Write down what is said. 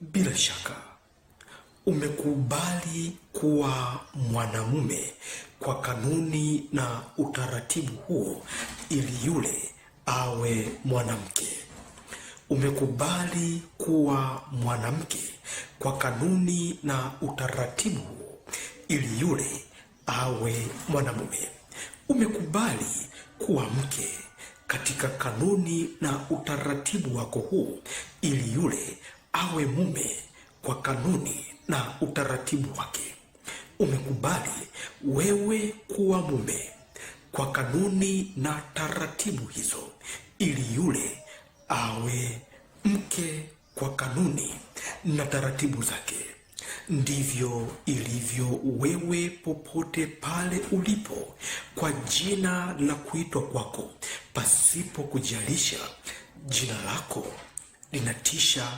Bila shaka umekubali kuwa mwanamume kwa kanuni na utaratibu huo, ili yule awe mwanamke. Umekubali kuwa mwanamke kwa kanuni na utaratibu huo, ili yule awe mwanamume. Umekubali kuwa mke katika kanuni na utaratibu wako huu, ili yule awe mume kwa kanuni na utaratibu wake. Umekubali wewe kuwa mume kwa kanuni na taratibu hizo, ili yule awe mke kwa kanuni na taratibu zake. Ndivyo ilivyo wewe popote pale ulipo, kwa jina la kuitwa kwako, pasipo kujalisha jina lako linatisha